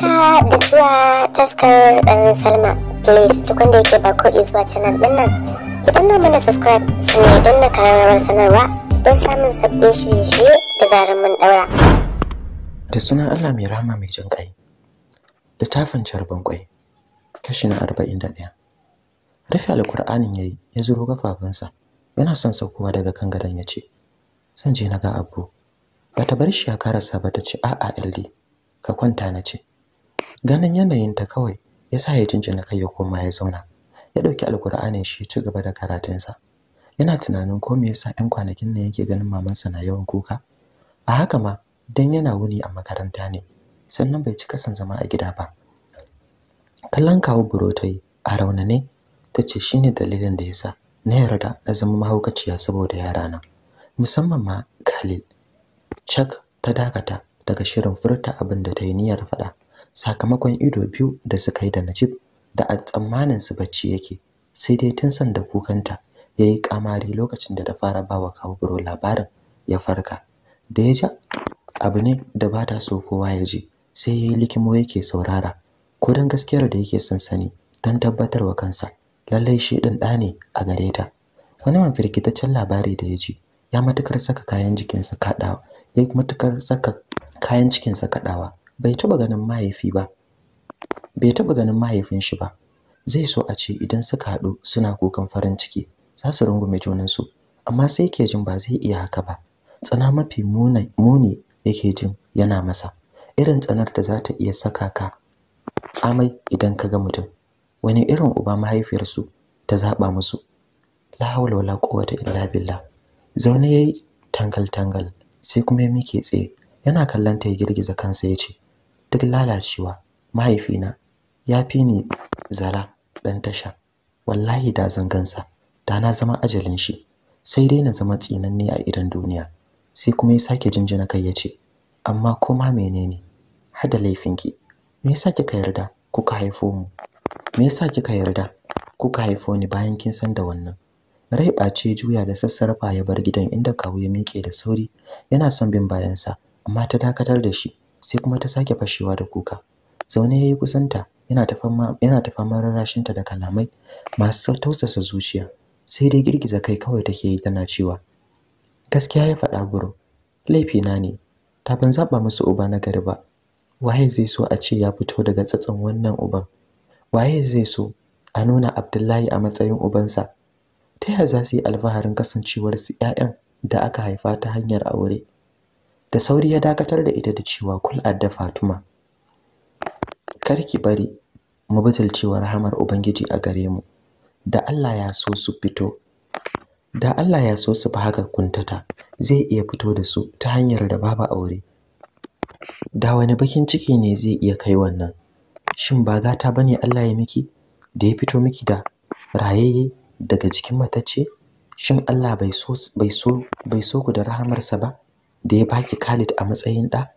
haka da zuwa taskar dan salma please duk wanda yake ba ko zuwa canal din nan ki danna mana subscribe su ne don na kararrawar sanarwa don samun sabbin shirye-shirye da zarar mun daura da sunan allah mai rama mai jin kai tafin carbon kwai kashi na arba'in da ɗaya rufe alkur'anin ya yi ya zuro gafafunsa yana son saukowa daga kan gadon ya ce zan je na ga abu Ba ta bar shi ya karasa ba ta ce a'a ld ka kwanta na ce ganin yanayinta kawai ya sa ya jinjina kai ya koma ya zauna ya ɗauki alkur'anin shi ya ci gaba da karatunsa yana tunanin ko me yasa 'yan kwanakin nan yake ganin mamansa na yawan kuka a haka ma dan yana wuni a makaranta ne sannan bai cika son zama a gida ba kallon kawo burotai ta yi a raunane ta ce shi ne dalilin da yasa na yarda na zama mahaukaciya saboda yara na musamman ma Khalil chak ta dakata daga shirin furta abin da ta yi niyyar faɗa sakamakon ido biyu da suka yi da Najib da a tsammanin su bacci yake sai dai tun san da kukanta yi kamari lokacin da ta fara bawa kawo biro labarin ya farka da ya ja abu ne da ba ta so kowa ya ji sai yayi likimo yake saurara ko dan gaskiyar da yake sansani sani dan tabbatarwa kansa lallai shi din da ne a gare ta wani man firkitaccen labari da ya ji ya matukar saka kayan jikinsa kadawa ya matukar saka kayan cikinsa kadawa bai taba ganin mahaifi ba bai taɓa ganin mahaifin shi ba zai so a ce idan suka haɗu suna kukan farin ciki za su rungume junansu amma sai ke jin ba zai iya haka ba tsana mafi muni yake jin yana masa irin tsanar da za ta iya saka ka amai idan ka ga mutum wani irin uba mahaifiyarsu ta zaɓa musu la haula wala quwwata illa billah zaune yayi tangal tangal sai kuma ya mike tsaye yana kallon ta ya girgiza kansa ya ce duk lalacewa mahaifina ya fi ni zara ɗan tasha wallahi da zan gansa da na zama ajalin shi sai dai na zama tsinanne a idan duniya sai kuma ya sake jinjina kai ya ce amma koma menene hada laifin ki? me yasa kika yarda kuka haifo mu me yasa kika yarda kuka haifo ni bayan kin san da wannan rai ɓace juya da sassarfa ya bar gidan inda kawu ya miƙe da sauri yana son bin bayansa amma ta dakatar da shi sai kuma ta sake fashewa da kuka zaune yayi kusanta yana ta fama yana ta fama rarashinta da kalamai masu tausasa zuciya sai dai girgiza kai kawai take yi tana cewa gaskiya ya faɗa buro laifi na ne ta ban zaba musu uba na gari ba waye zai so a ce ya fito daga tsatsan wannan uban waye zai so a nuna Abdullahi a matsayin ubansa ta yaya za su yi alfaharin kasancewarsu 'ya'yan da aka haifa ta hanyar aure da sauri ya dakatar da ita da cewa kul adda fatuma kar ki bari mu butulcewar rahamar ubangiji a gare mu da Allah ya so su fito da Allah ya so su ba haka kuntata zai iya fito da su ta hanyar da baba aure da wani bakin ciki ne zai iya kai wannan shin ba gata bane Allah ya miki da ya fito miki da rayayye daga jikin matace, shin Allah bai so bai so bai so ku da rahamarsa ba da ya baki Khalid a matsayin ɗa?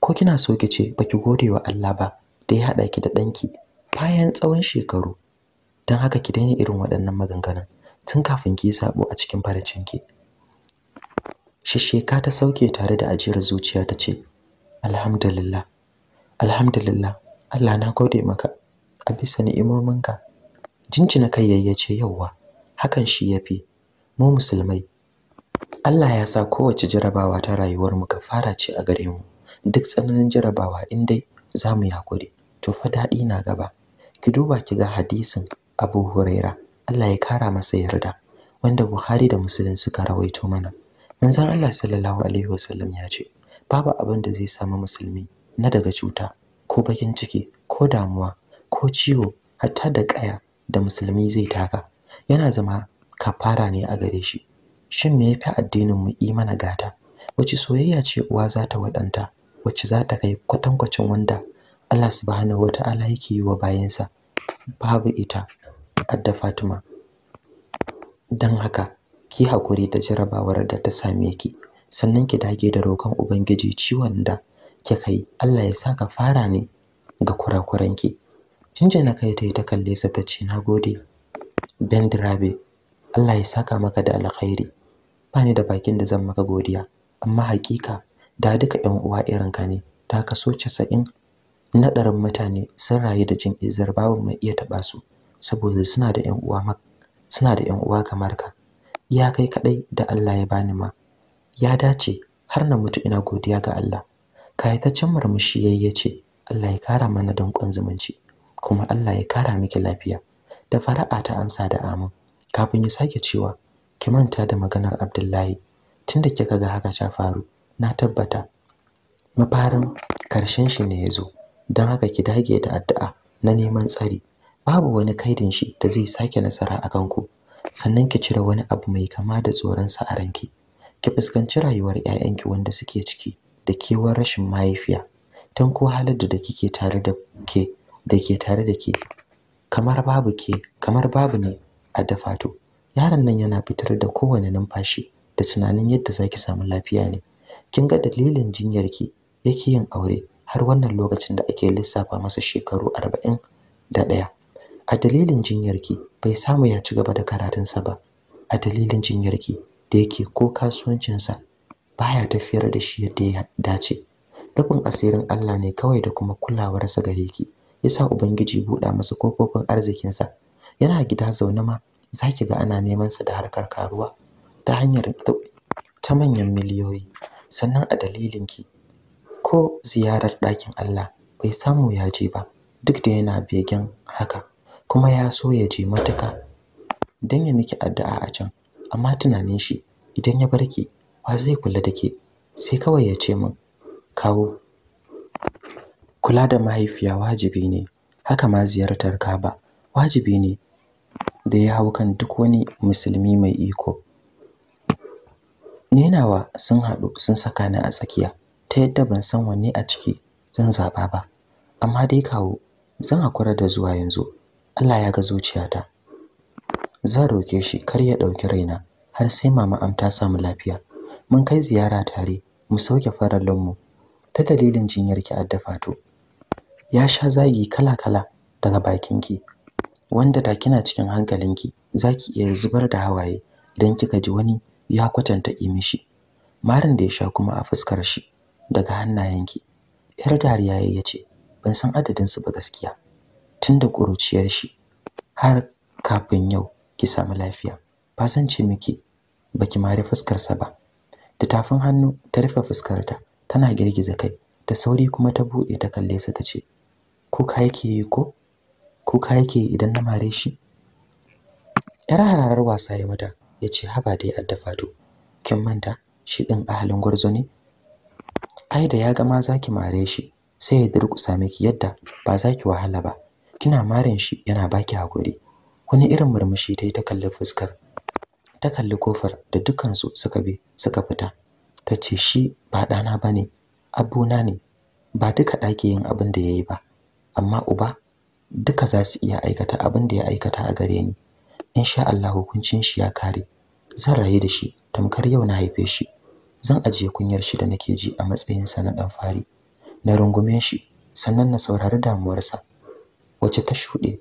Ko kina so ki ce baki gode wa Allah ba da ya haɗa ki da ɗanki bayan tsawon shekaru. Don haka ki daina irin waɗannan maganganun tun kafin ki yi sabo a cikin faracinki. Shisheka ta sauke tare da ajiyar zuciya ta ce, Alhamdulillah, Alhamdulillah, Allah na gode maka a bisa ni'imominka. Jinjina kai yayyace yauwa, hakan shi yafi. Mu musulmai Allah ya sa kowace jarabawa ta rayuwar mu fara ce a gare mu duk tsananin jarabawa in dai za mu yi to fa daɗi na gaba ki duba ki ga hadisin Abu Huraira Allah ya kara masa yarda wanda Buhari da Muslim suka rawaito mana manzon Allah sallallahu alaihi wasallam ya ce babu abin da zai samu musulmi na daga cuta ko bakin ciki ko damuwa ko ciwo hatta da ƙaya, da musulmi zai taka yana zama kafara ne a gare shi shin me yafi addinin mu yi mana gata wace soyayya ce uwa za ta waɗanta wace za ta kai kwatankwacin wanda Allah subhanahu wataala yake yi wa bayansa babu ita adda Fatima dan haka ki hakuri da jarabawar da ta same ki sannan ki dage da roƙon ubangiji ciwon da kika yi Allah ya saka fara ne ga kurakuran kurakuranki na kai ta yi ta kalle sa ta ce nagode bendrabe Allah ya saka maka da alkhairi ba ni da bakin da zan maka godiya amma hakika da duka ɗan uwa irin ka ne da kaso 90 na ɗarin mutane sun rayu da jin izar babu mai iya taɓa su saboda suna da ƴan uwa suna da ƴan uwa kamar ka ya kai kaɗai da Allah ya bani ma ya dace har na mutu ina godiya ga Allah cin murmushi yayye ce Allah ya kara mana danƙon zumunci kuma Allah ya kara miki lafiya da fara'a ta amsa da amin kafin ya sake cewa ki manta da maganar Abdullahi tunda kika ga haka ta faru na tabbata mafarin karshen shi ne ya zo, don haka ki dage da addu'a na neman tsari babu wani kaidin shi da zai sake nasara a kanku sannan ki cire wani abu mai kama da tsoron sa a ranki ki fuskanci rayuwar ƴaƴanki wanda suke ciki da kewar rashin mahaifiya tan ko halar da da ke tare da ke kamar babu ke kamar babu ne a dafato yaron nan yana fitar da kowane numfashi da tunanin yadda zaki samu lafiya ne kin ga dalilin jinyar ki yake yin aure har wannan lokacin da ake lissafa masa shekaru arba'in da ɗaya a dalilin jinyarki bai samu ya ci gaba da karatunsa ba a dalilin jinyarki da yake ko kasuwancinsa baya tafiyar da shi yadda ya dace rufin asirin Allah ne kawai da kuma kulawarsa gare ki yasa ubangiji buɗa masa kofofin arzikinsa yana gida zaune ma za ki ga ana neman sa da harkar karuwa ta hanyar ta manyan miliyoyi sannan a dalilin ki? ko ziyarar ɗakin Allah bai samu ya je ba duk da yana begen haka kuma ya so ya je matuka dan ya miki addu'a a can amma tunanin shi idan ya barki wa zai kula da ke sai kawai ya ce min kawo kula da mahaifiya wajibi ne haka ma ziyartar kaba wajibi ne da ya hau kan duk wani musulmi mai iko ninawa sun haɗu sun saka ni a tsakiya ta yadda ban san wanne a ciki zan zaba ba amma dai kawo zan hakura da zuwa yanzu Allah ya ga zuciyata zan roke shi kar ya ɗauki raina har sai mama am ta samu lafiya mun kai ziyara tare mu sauke mu ta dalilin jinyar ki addafato. ya sha zagi kala-kala daga bakin ki. wanda da kina cikin hankalinki zaki iya zubar da hawaye idan kika ji wani ya kwatanta yi mishi marin da ya sha kuma a fuskar shi daga hannayenki yar dariya ya ce ban san adadin su ba gaskiya tunda ƙuruciyar shi har kafin yau ki samu lafiya ba san ce miki baki mare fuskar sa ba da tafin hannu ta rufe fuskar ta tana girgiza kai da sauri kuma ta buɗe ta kalle sa ce, ko ka yake yi ko kuka yake idan na mare shi yar hararar wasa ya mata ya ce haba dai adda kin manta shi ɗin ahalin gwarzoni. ne ai da ya ga ma zaki mare shi sai ya durƙusa miki yadda ba zaki wahala ba kina marin shi yana baki hakuri wani irin murmushi ta yi ta kalli fuskar ta kalli kofar da dukansu suka bi suka fita ta ce shi ba ɗana ba ne abuna ne ba duka ɗaki yin abin da ya yi ba amma uba duka za su iya aikata abin da ya aikata a gare ni sha Allah hukuncin shi ya kare zan rayu da shi tamkar yau na haife shi zan ajiye kunyar shi da nake ji a matsayin sa na dan fari na rungume shi sannan na saurari damuwarsa wacce ta shuɗe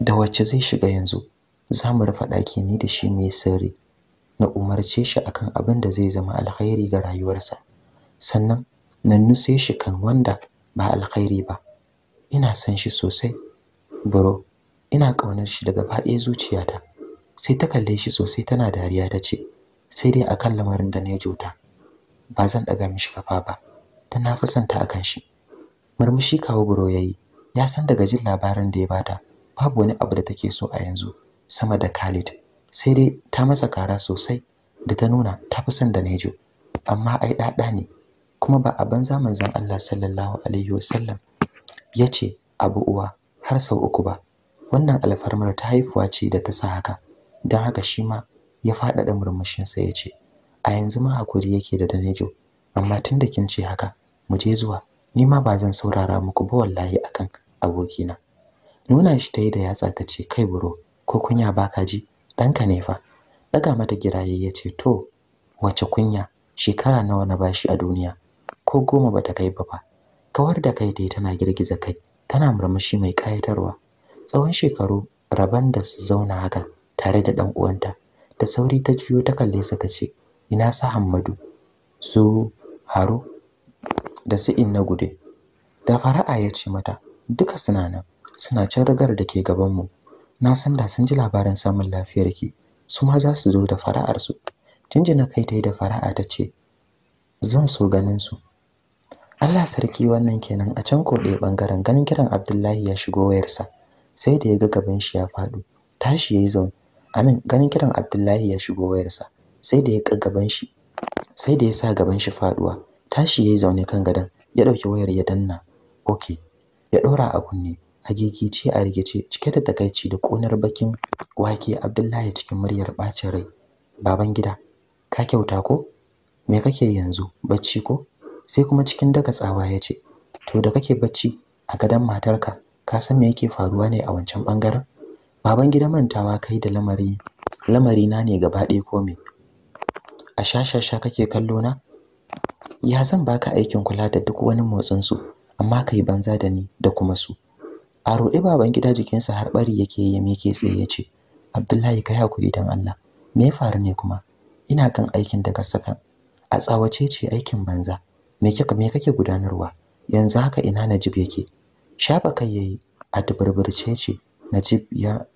da wacce zai shiga yanzu za mu rufe ɗaki ni da shi mai sirri na umarce shi akan abin da zai zama alkhairi ga rayuwarsa sannan na nuse shi kan wanda ba alkhairi ba ina son shi sosai bro ina ƙaunar shi daga faɗin zuciyata sai ta kalle shi sosai tana dariya ta ce sai dai akan lamarin da na jota ba zan ɗaga mishi kafa ba ta na akan shi murmushi kawo buro ya yi ya san daga jin labarin da ya bata babu wani abu da take so a yanzu sama da Khalid sai dai ta masa kara sosai da ta nuna ta fi son da Nejo amma ai ɗaɗa ne kuma ba a banza manzon Allah sallallahu alaihi wasallam ya ce abu uwa har sau uku ba wannan alfarmar ta haifuwa ce da ta sa haka don haka shi ma ya faɗaɗa murmushinsa ya ce a yanzu ma hakuri yake da danejo amma tun da kin ce haka mu je zuwa ni ma ba zan saurara muku ba wallahi akan abokina nuna shi ta yi da yatsa ta ce kai buro ko kunya baka ji ɗanka ne fa daga mata giraye ya ce to wace kunya shekara nawa na bashi a duniya ko goma ba ta kai ba fa kawar da kai dai tana girgiza kai tana murmushi mai ƙayatarwa tsawon shekaru raban da su zauna haka tare da ɗan uwanta da sauri ta juyo ta kalle sa tace ina sa Hammadu "Zo, Haro da su Inna gude da fara'a ya ce mata duka suna nan suna can rigar da ke gaban mu na san da sun ji labarin samun lafiyar ki su ma za su zo da fara'ar su jinjina kai ta yi da fara'a ta ce zan so ganin su Allah sarki wannan kenan a can koɗe ɓangaren. bangaren ganin kiran Abdullahi ya shigo wayarsa sai da ya ga gaban shi ya faɗo tashi yayi zaune amin ganin kiran Abdullahi ya shigo wayarsa sai da ya ga gaban shi sai da ya sa gaban shi faduwa tashi yayi zaune kan gadon. ya ɗauki wayar ya danna oke ya dora a kunne a gigice a rigice cike da takaici da konar bakin wake Abdullahi cikin muryar bacin rai baban gida ka kyauta ko me kake yanzu bacci ko sai kuma cikin daga tsawa ya ce to da kake bacci a gadon matarka ka san me yake faruwa ne a wancan bangaren baban gida mantawa kai da lamari lamari na ne gaba ɗaya ko me a shashasha kake kallo na ya zan baka aikin kula da duk wani motsin su amma kai banza da ni da kuma su a roɗe baban gida jikinsa har bari yake yi me ke tsaye ya ce abdullahi kai hakuri dan allah me ya faru ne kuma ina kan aikin daga ka saka a tsawace ce aikin banza me kika me kake gudanarwa yanzu haka ina Najib yake shafa kai yayi a tabarburce ce Najib ya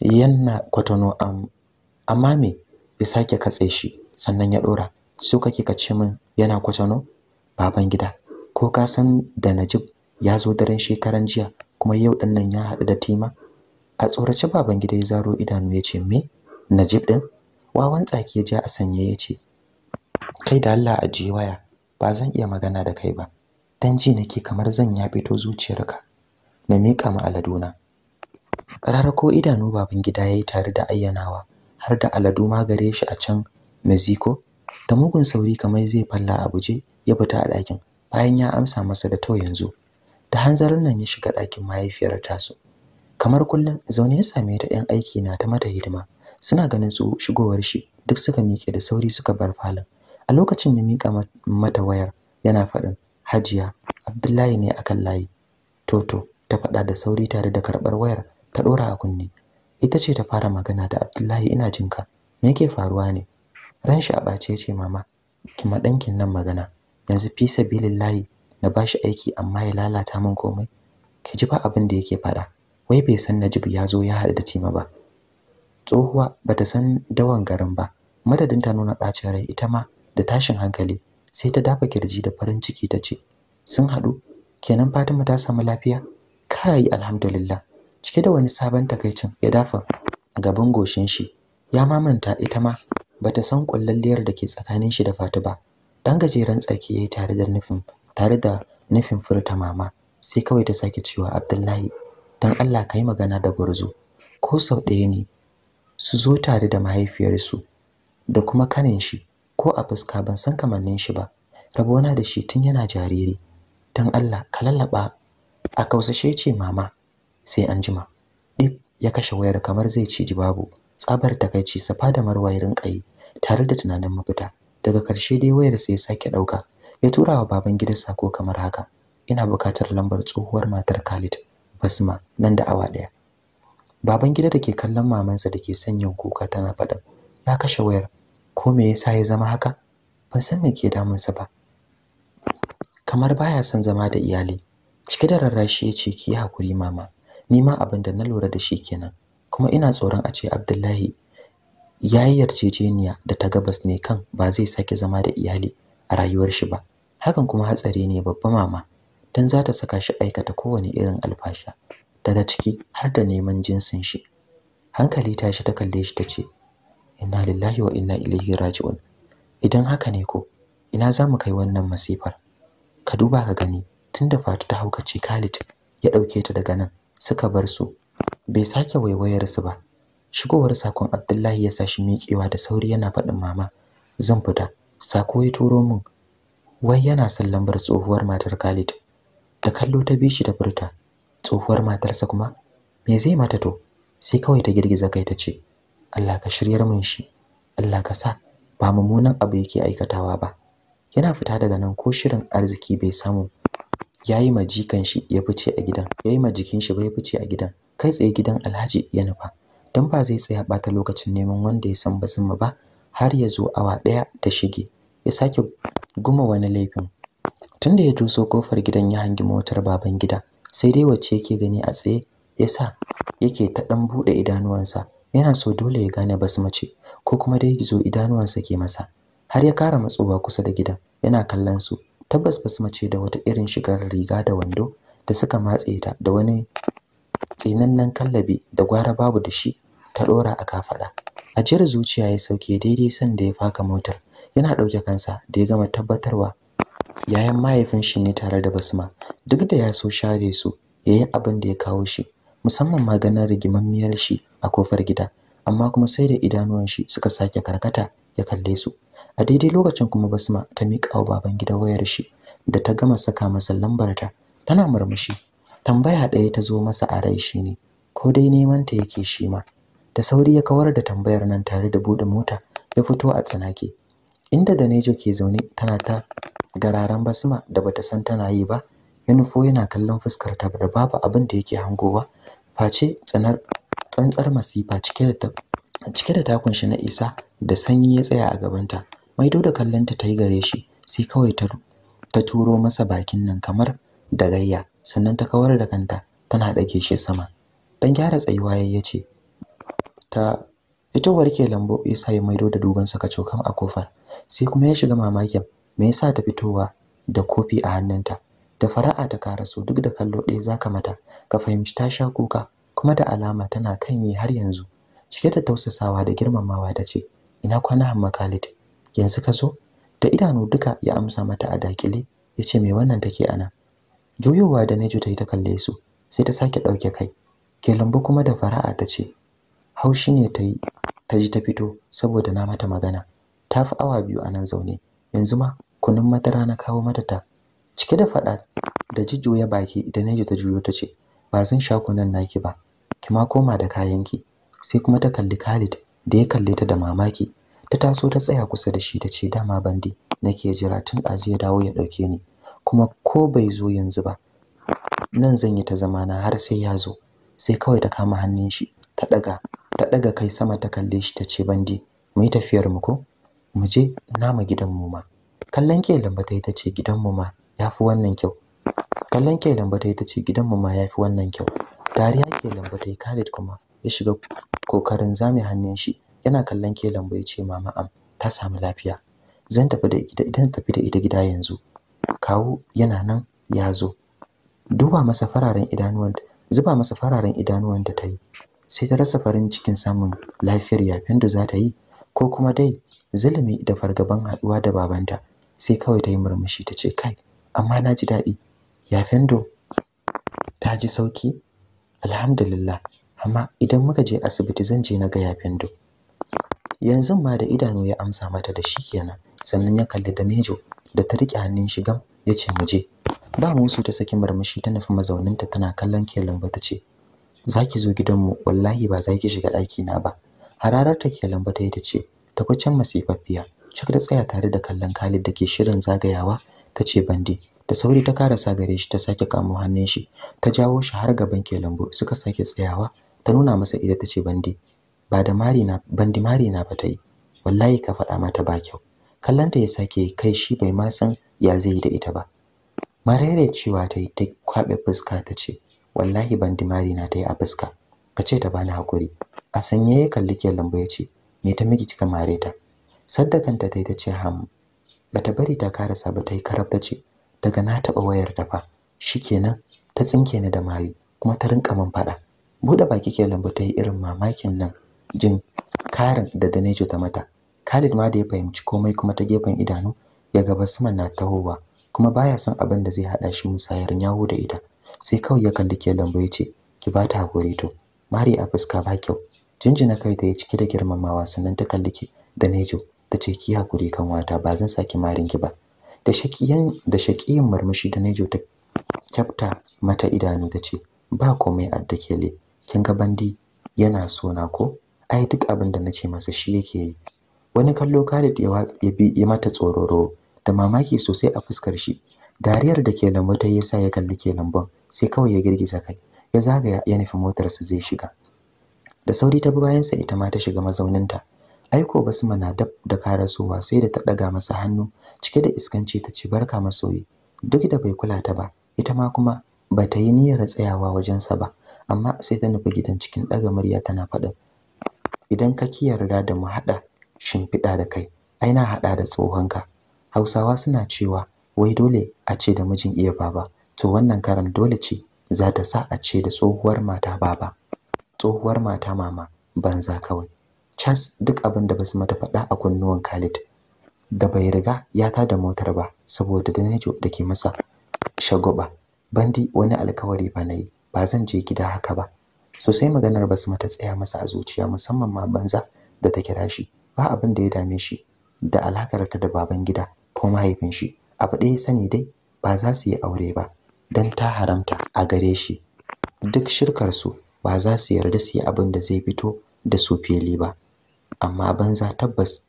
yanna kwatano am amma me ya sake katse shi sannan ya dora su kake ka ce min yana kwatano baban gida ko ka san da Najib ya zo daren shekaran jiya kuma yau din nan ya haɗu da Tima a tsorace baban gida ya zaro idanu ya ce me Najib din wawan tsaki ya ja a sanye ya ce kai da Allah ajiye waya ba zan iya magana da kai ba dan ji nake kamar zan ya fito zuciyarka na miƙa ma na. rarako idanu baban gida yayi tare da ayyanawa har da aladu ma gare shi a can Mexico da mugun sauri kamar zai falla a buje ya fita a ɗakin bayan ya amsa masa da to yanzu da hanzarin nan ya shiga ɗakin mahaifiyar su. kamar kullum zaune ya same ta 'yan aiki na ta mata hidima suna ganin su shigowar shi duk suka miƙe da sauri suka bar falon a lokacin ya mika mata wayar yana faɗin hajiya abdullahi ne akan layi toto ta faɗa da sauri tare da karɓar wayar ta ɗora a kunne ita ce ta fara magana da abdullahi ina jinka me yake faruwa ne ran shi a ɓace ce mama ki ma ɗankin nan magana yanzu fi sabilillahi na bashi aiki amma ya lalata min komai ki ji ba abin da yake faɗa wai bai san Najib ya zo ya haɗu da Tima ba tsohuwa bata san dawan garin ba madadin ta nuna ɓacin rai ita ma da tashin hankali sai ta dafa kirji da farin ciki ta ce sun haɗu kenan Fatima ta samu lafiya kai alhamdulillah cike da wani sabon takaicin ya dafa gaban goshin shi ya mamanta ita ma bata san kullalliyar da ke tsakanin shi da Fatima dan gajeren tsaki yayi tare da nufin tare da nufin furta mama sai kawai ta sake cewa Abdullahi dan Allah kai magana da gurzo ko sau ɗaya ne su zo tare da mahaifiyarsu da kuma kanin shi ko a fuska ban san kamannin shi ba rabona da shi tun yana jariri dan Allah ka lallaba a kausashe ce mama sai anjima. jima dip ya kashe wayar kamar zai ci Jibabu, tsabar takaici safa da marwa ya tare da tunanin mafita daga karshe dai wayar sai ya sake dauka ya tura wa baban gida sako kamar haka ina bukatar lambar tsohuwar matar Khalid Basma nan da awa daya baban gida da ke kallon mamansa da ke sanyin kuka tana faɗa ya kashe wayar ko me yasa ya zama haka ban san me ke damunsa ba kamar baya son zama da iyali cike da rarrashi ya ce ki hakuri mama ni ma abin da na lura da shi kenan kuma ina tsoron a ce Abdullahi ya yi yarjejeniya da ta gabas ne kan ba zai sake zama da iyali a rayuwar shi ba hakan kuma hatsari ne babba mama dan za ta saka shi aikata kowane irin alfasha daga ciki har da neman jinsin shi hankali ta shi ta kalle shi ta ce inna lillahi wa inna ilaihi raji'un idan haka ne ko ina za mu kai wannan masifar ka duba ka gani tunda fatu ta ce Khalid ya dauke ta daga nan suka bar su bai sake waiwayar su ba shigowar sakon Abdullahi ya sa shi miƙewa da sauri yana faɗin mama zan fita sako ya turo min wai yana son lambar tsohuwar matar Khalid da kallo ta bi shi da furta tsohuwar matarsa kuma me zai mata to sai kawai ta girgiza kai ta ce Allah ka shiryar min shi Allah ka sa ba mummunan abu yake aikatawa ba yana fita daga nan ko shirin arziki bai samu yayi majikan shi ya fice a gidan yayi majikin shi bai fice a gidan kai tsaye gidan Alhaji ya nufa dan ba zai tsaya bata lokacin neman wanda ya san basinmu ba har ya zo awa daya ta shige ya sake guma wani laifin tunda ya tuso kofar gidan ya hangi motar baban gida sai dai wacce yake gani a tsaye yasa yake ta dan bude idanuwansa yana so dole ya gane basma ce ko kuma dai gizo idanuwansa ke masa har ya kara matsowa kusa da gidan yana kallon su tabbas basma ce da wata irin shigar riga da wando da suka matse ta da wani tsinannen kallabi da gwara babu da shi ta dora a kafada ajiyar zuciya ya sauke daidai san da ya faka motar yana dauke kansa da ya gama tabbatarwa yayan mahaifin shi ne tare da basma duk da ya so share su yayin abin da ya kawo shi musamman maganar rigimammiyar shi a kofar gida amma kuma sai da idanuwan shi suka sake karkata ya kalle su a daidai lokacin kuma basma ta miƙa wa baban gida wayar shi da ta gama saka masa lambar ta tana murmushi tambaya ɗaya ta zo masa a rai shine ko dai neman ta yake shi ma da sauri ya kawar da tambayar nan tare da buɗe mota ya fito a tsanake inda da nejo ke zaune tana ta gararan basma da bata san tana yi ba Yanufo yana kallon fuskar ta da babu abin da yake hangowa face tsanar tsantsar masifa cike da cike da takun na isa da sanyi ya tsaya a gabanta maido da kallonta ta yi gare shi sai kawai ta ta turo masa bakin nan kamar da gayya sannan ta kawar da kanta tana dake shi sama dan gyara tsayuwa yayi ce. ta ita warke lambo isa ya maido da duban saka cokan a kofar sai kuma ya shiga mamakin me yasa ta fitowa da kofi a hannunta da fara'a ta karaso duk da kallo ɗaya zaka mata ka fahimci ta sha kuka kuma da alama tana kan yi har yanzu cike da tausasawa da girmamawa ta ce ina kwana hamma Khalid yanzu ka zo da idanu duka ya amsa mata a dakile ya ce me wannan take ana juyowa da Neju ta yi ta kalle su sai ta sake ɗauke kai ke lambu kuma da fara'a ta ce haushi ne ta yi ta ji ta fito saboda na mata magana ta fi awa biyu a nan zaune yanzu ma kunun madara na kawo mata ta cike da faɗa da ya baki da Neju ta juyo ta ce ba zan sha kunan naki ba ki ma koma da kayanki sai kuma ta kalli Khalid da ya kalle ta da mamaki ta taso ta tsaya kusa da shi ta ce dama bandi nake jira tun ɗazu ya dawo ya ɗauke ni kuma ko bai zo yanzu ba nan zan yi ta zama na har sai ya zo sai kawai ta kama hannun shi ta ɗaga ta ɗaga kai sama ta kalle shi ta ce bandi mu yi tafiyar mu ko mu je nama gidan mu ma kallon ke lamba ta ce gidan mu ma yafi wannan kyau kallon ke lamba ta ce gidan mu ma yafi wannan kyau Dariya ke ta yi Khalid kuma ya shiga kokarin zame hannun shi. Yana kallon Kelambo ya ce mama am ta samu lafiya. Zan tafi da ita idan tafi da ita gida yanzu. Kawu yana nan ya zo. Duba masa fararen zuba masa fararen idanuwanta ta yi. Sai ta rasa farin cikin samun lafiyar yafin da za ta yi ko kuma dai zulumi da fargaban haɗuwa da babanta. Sai kawai ta yi murmushi ta ce kai amma na ji daɗi. Yafendo ta ji sauki alhamdulillah amma idan muka je asibiti zan je na ga yafindo yanzu ma da idanu ya amsa mata da shi kenan sannan ya kalli da nejo da ta rike hannun shi gam ya ce mu je ba mu musu ta saki murmushi ta nufi mazauninta tana kallon kelan ba ta ce za ki zo gidanmu wallahi ba zaki shiga ɗaki na ba hararar ta kelan ba ta yi ta ce ta kwacen masifaffiya shak da tsaya tare da kallon Khalid da ke shirin zagayawa ta ce bandi da sauri ta karasa gare shi ta sake kamo hannun shi ta jawo shi har gaban lambu suka sake tsayawa ta nuna masa ita tace bandi ba da mari na bandi mari na ba yi wallahi ka faɗa mata ba kyau kallanta ya sake kai shi bai ma san ya zai yi da ita ba marere cewa ta yi ta kwabe fuska ta ce wallahi bandi mari na ta yi a fuska ka ce ta bani hakuri a sanye ya kalli kelambo ya ce me ta miki kika mare ta saddakanta ta yi ta ce ham bata bari ta karasa ba ta yi karab ce daga na taɓa wayar ta fa shikenan ta tsinke ni da mari kuma ta rinka min faɗa buɗe baki ke lambu ta yi irin mamakin nan jin karin da Danejo ta mata Khalid ma da ya fahimci komai kuma ta gefen idanu ya ga Basman na tahowa kuma baya son abin da zai hada shi musayar yawo da ita sai kawai ya kalli ke lambu ya ce ki ba ta hakuri to mari a fuska ba kyau jinjina kai da ya cike da girmamawa sannan ta kalli ki Danejo ta ce ki hakuri kan wata ba zan saki marin ki ba da shakiyan da shakiyan marmashi da Nejo ta kyafta mata idanu ta ce ba komai addakele kin ga bandi yana so na ko ai duk abin da nace masa shi yake yi wani kallo Khalid ya ya bi ya mata tsororo da mamaki sosai a fuskar shi dariyar da ke lambu ta yasa ya kalli ke lambun sai kawai ya girgiza kai ya zagaya ya nufi motarsa zai shiga da sauri ta bi sa ita ma ta shiga mazauninta Aiko Basma na dab da karasowa sai da ta ɗaga masa hannu cike da iskanci ta ce barka masoyi duk da bai kula ta ba ita ma kuma ba ta yi niyyar tsayawa wajensa ba amma sai ta nufi gidan cikin ɗaga murya tana faɗin idan ka ki yarda da mu haɗa shimfiɗa da kai ai na haɗa da tsohonka hausawa suna cewa wai dole a ce da mijin iya baba to wannan karan dole ce za ta sa a ce da tsohuwar mata baba tsohuwar mata mama banza kawai cas duk abin da basu mata faɗa a kunnuwan Khalid da bai riga ya ta da motar ba saboda da da ke masa shagoba bandi wani alkawari ba nayi ba zan je gida haka ba sosai maganar basu mata tsaya masa a zuciya musamman ma banza da ta kira shi ba abin da ya dame shi da alakar ta da baban gida ko mahaifin shi abu ɗaya sani dai ba za su yi aure ba dan ta haramta a gare shi duk shirkar su ba za su yarda su yi abin da zai fito da su fili ba amma banza tabbas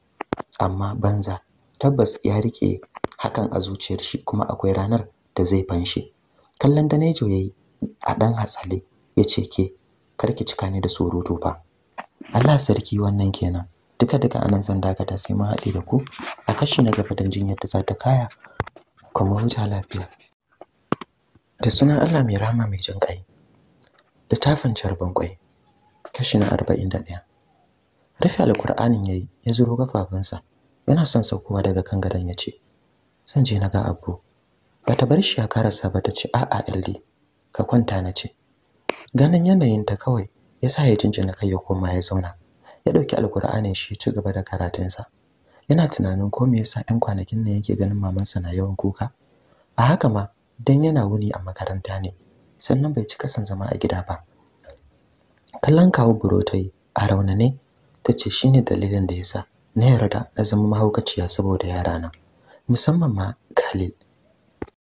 amma banza tabbas ya rike hakan a zuciyar shi kuma akwai ranar da zai fanshe kallon danejo yi a dan hatsale ce ke karki cika ni da surutu fa Allah sarki wannan kenan duka duka anan zan dakata sai mun haɗe da ku a kashi na gaba dan jinyar da za ta kaya kuma huta lafiya da sunan Allah mai rama mai jin ƙai. littafin carban kwai kashi na arba'in da ɗaya. rufe alkur'anin yayi ya zuro kafafunsa yana son saukowa daga kan gadon ya ce zan je na ga abu bata bar shi ya karasa ba ta ce A a'a LD ka kwanta na ce ganin yanayin ta kawai ya sa ya jinjina kai ya koma ya zauna ya ɗauki alkur'anin shi ya ci gaba da karatunsa yana tunanin ko me yasa 'yan kwanakin nan yake ganin mamansa na yawan kuka a haka ma dan yana wuni a makaranta ne sannan bai cika son zama a gida ba kallon kawo burotai a raunane ce shi ne dalilin da ya sa na yarda na zama mahaukaciya saboda yarana musamman ma Khalil